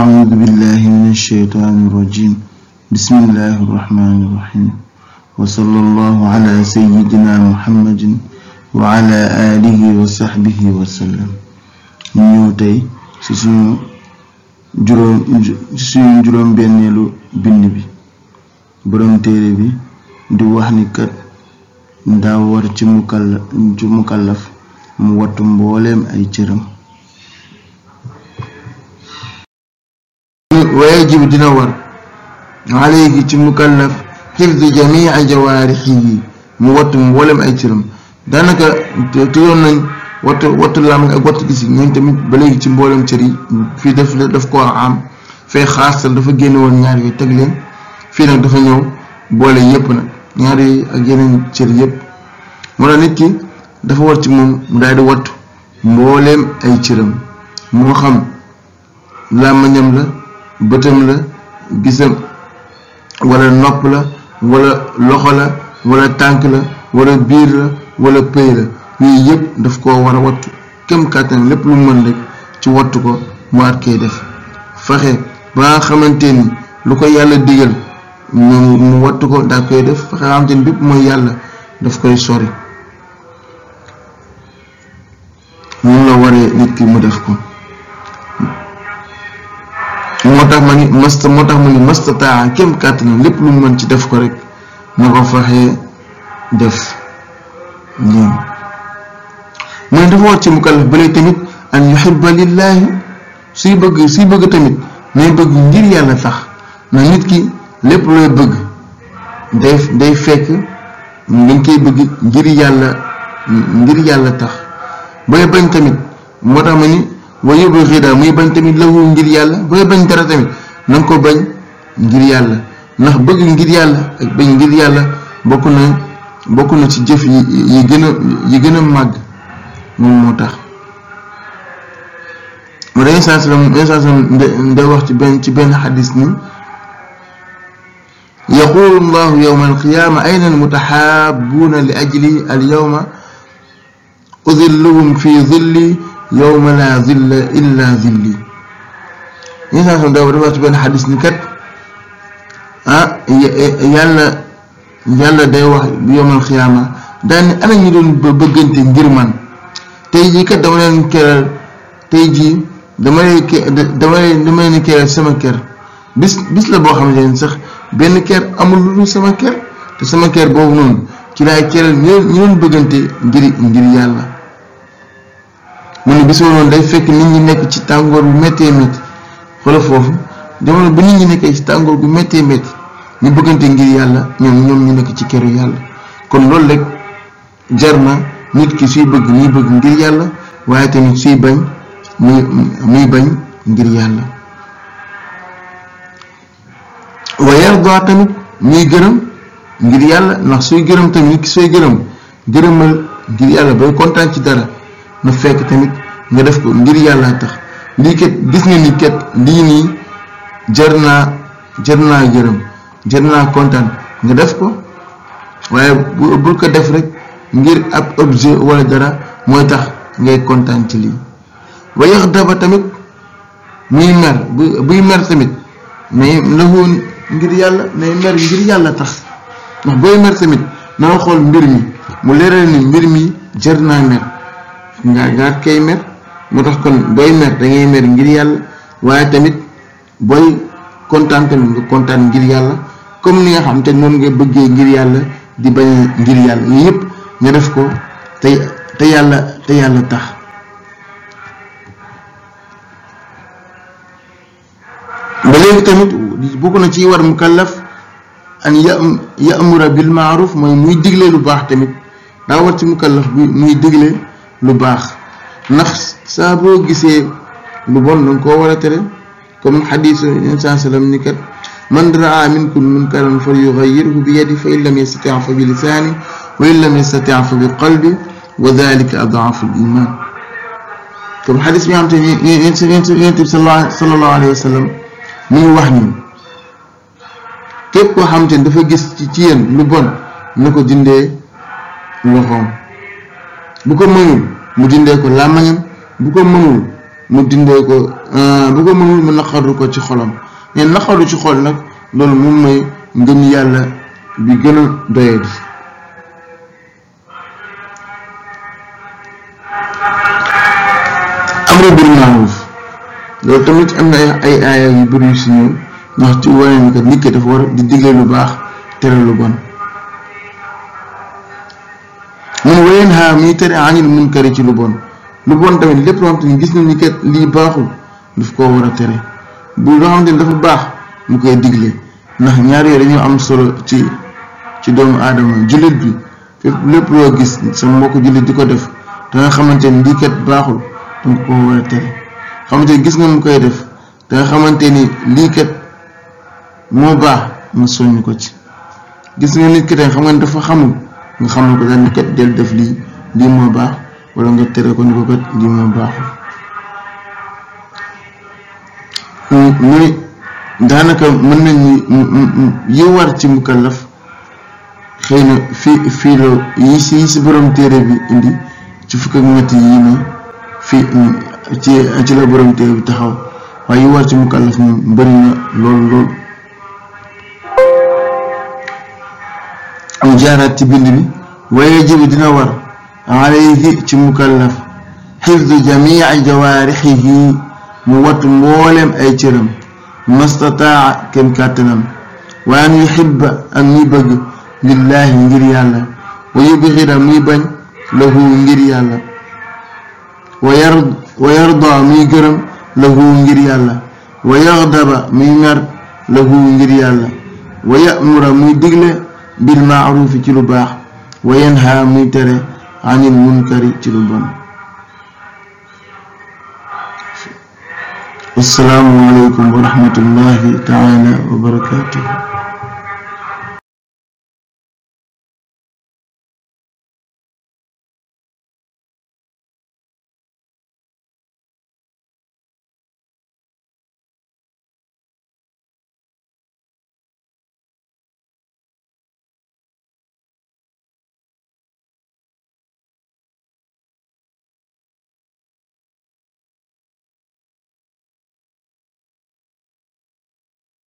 أعوذ بالله من الشيطان الرجيم بسم الله الرحمن الرحيم وصلى الله على سيدنا محمد وعلى آله وصحبه وسلم tey ci suñu juróom benneelu bind bi boroom téere bi di wax ni kat ndaa war ci mukallaf mu wattu mbooleem ay cëram wa yajibu dina war alayhi ci mukallaf xifdu jamii jawaarixihi mu wattu mboolem ay cëram daanaka tuddoon nañ wattu wattu làmmiñ ak wattu gis ñooñ tamit ba léegi ci mboolem cër yi fii daf daf koo am dafa génn ñaar teg leen fii dafa ñëw boole yépp nag ñaar yooyu ak yeneen cër yépp moo tax nit ki dafa war ci moom mu daal di wattu mbooleem ay cëram moo xam làmmiñam la bëtam la gisam wala nopp la walla loxo la walla tànk la wala biir la wala pëy la yooyu yëpp daf koo war a wattu kem kàttan lépp lu mën rek ci wattu ko mu waat koy def faxe ba nga xamante ni lu ko yàlla digal mu mu wattu ko daa koy def fexe xamante ni bépp mooy yàlla daf koy sori moom la waree nit ki mu def ko masta moo tax mu ni mastataa kem kàttanam lépp lu mu mën ci def ko rek na ko faxee def lii mu ne dafa war ci mukallaf bële tamit an yuhibba lillaahi suy bëgg suy bëgg tamit nay bëgg ngir yàlla tax na nit ki lépp looy bëgg day day fekk dañ koy bëgg ngir yàlla ngir yàlla tax booy bañ tamit moo tax ma ni wa yóbbu xidaa muy bañ tamit lahu ngir yàlla booy bañ dara tamit na ko bañ ngir yàlla ndax bëgg ngir yàlla ak bañ ngir yàlla bokk na bokk na ci jëf yi yi gën a yi gën màgg moom moo tax mu day saasalam day wax ci benn ci benn xadis ni yaqulu llahu yowma alqiyaama ayna almutaxaabuuna li ajli alyowma udilluhum fi zilli yowma laa zilla illa yenn saa suñu daaw dafa wax ci benn xadis ni kat ah yàlla yàlla day wax yomal xiyaama daan ana ñu doon bëggante ngir man tey jii kat dama leen keral tey jii dama lay dama lay dama leen keral sama kër bis bis boo xamante ne benn amul lu dul sama kër te sama kër boobu noonu ci laay keral ñu doon bëggante ngir ngir yàlla mu ne bis noonu day fekk nit ñi nekk ci tàngoor bu méttee métti. xoola foofu jamono bi nit ñi nekkee ci tàngoor gu méttee métti ñu bëggante ngir yàlla ñoom ñoom ñu nekk ci keru yàlla kon loolu rek jar na nit ki suy bëgg muy bëgg ngir yàlla waaye tamit suy bañ muy ngir yàlla wa tamit muy gërëm ngir yàlla ndax suy gërëm tamit nit suy gërëm gërëmal ngir yàlla booy kontaan ci dara na fekk tamit nga def ko ngir yàlla tax lii kat gis nga ni kat lii nii jër naa jar naa gërëm jar naa kontaan nga def ko waaye bu bul ko def rek ngir ab objet walla dara mooy tax ngay kontaan ci lii wa yax daba tamit muy mer buy mer tamit nay laxoo ngir yàlla nay mer ngir yàlla tax ndax booy mer tamit na xool mbir mi mu leeral ni mbir mi jar naa mer nga gaat kay mer moo tax kon booy mer dangay ngay mer ngir yàlla waaye tamit booy kontaan tamit nga kontaan ngir yàlla comme ni nga xam te moom nga bëggee ngir yàlla di bañ ngir yàlla yooyu yëpp nga def ko te yàlla te yàlla tax ba léegi tamit bokk na ci war mukallaf an ya yamura bil maaruf mooy muy digle lu baax tamit daa war ci mukallaf bi muy digle lu baax ndax saa boo gisee lu bon na nga koo war a tere comme xadiisu yeneen saa salaam ni kat man raa minkum munkaran falyughayyirhu bi fa in lam yastati' bi lisaanihi wa in lam yastati' bi qalbihi wa dhalika ad'afu al-iman comme xadis mu ngi képp koo xam te ne dafa gis ci ci yéen lu bon na ko dindee loxoom bu ko mënul mu dindee ko làmmiñam bu ko mënul mu dindee ko ah, bu ko mënul mu naqaru ko ci xolam mais naqaru ci xol nag loolu moom mooy ngëm yàlla bi gën a doyadi amru bil maaruf loolu tamit am na ay aaya yu bëri yu si ñëw ndax ci wane ni dafa war di digle lu baax tere lu bon mun wayen xaa muy tere anil munkari ci lu bon lu bon tamit lépp loo xamante ni gis nañ ni kat lii baaxul daf ko war a tere bu loo xamante ni dafa baax mu koy digle ndax ñaar yooyu dañoo am solo ci ci doomu aadama jullit bi fépp lépp loo gis sa mbokk jullit di ko def da nga xamante ni lii kat baaxul danga ko war a tere xamante ni gis nga mu koy def da nga xamante ni lii kat moo baax nga soññ ko ci gis nga nit ki xam nga ni dafa xamul nga xamul ko daal ni kat def lii lii moo baax. wala nga tere ko ni ko kat lii baaxul euh, mu ne daanaka mën nañu yi war ci mukallaf xëy na fii fii la yi si yi si borom téere bi indi ci fukk ak ñett yi nii fii ci la borom téere bi taxaw waaye yi war ci mukallaf moom bëri na lool mu jaaraat ci bind bi waaye jiw dina war. ci mukallaf xifdu jamii jawaarixihi mu wattu mbooleem ay cëram mastataa kem kàttanam wa an yuhibba ak muy bëgg lillaahi ngir yàlla wa yubxida muy bañ lahu ngir yàlla wa yarda muy gërëm lahu yàlla wa yaxdaba ngir yàlla wa yamura muy ci lu baax wa anil munkari ci lu bon assalaamu aleykum wa rahmatullahi taala wa barakatuh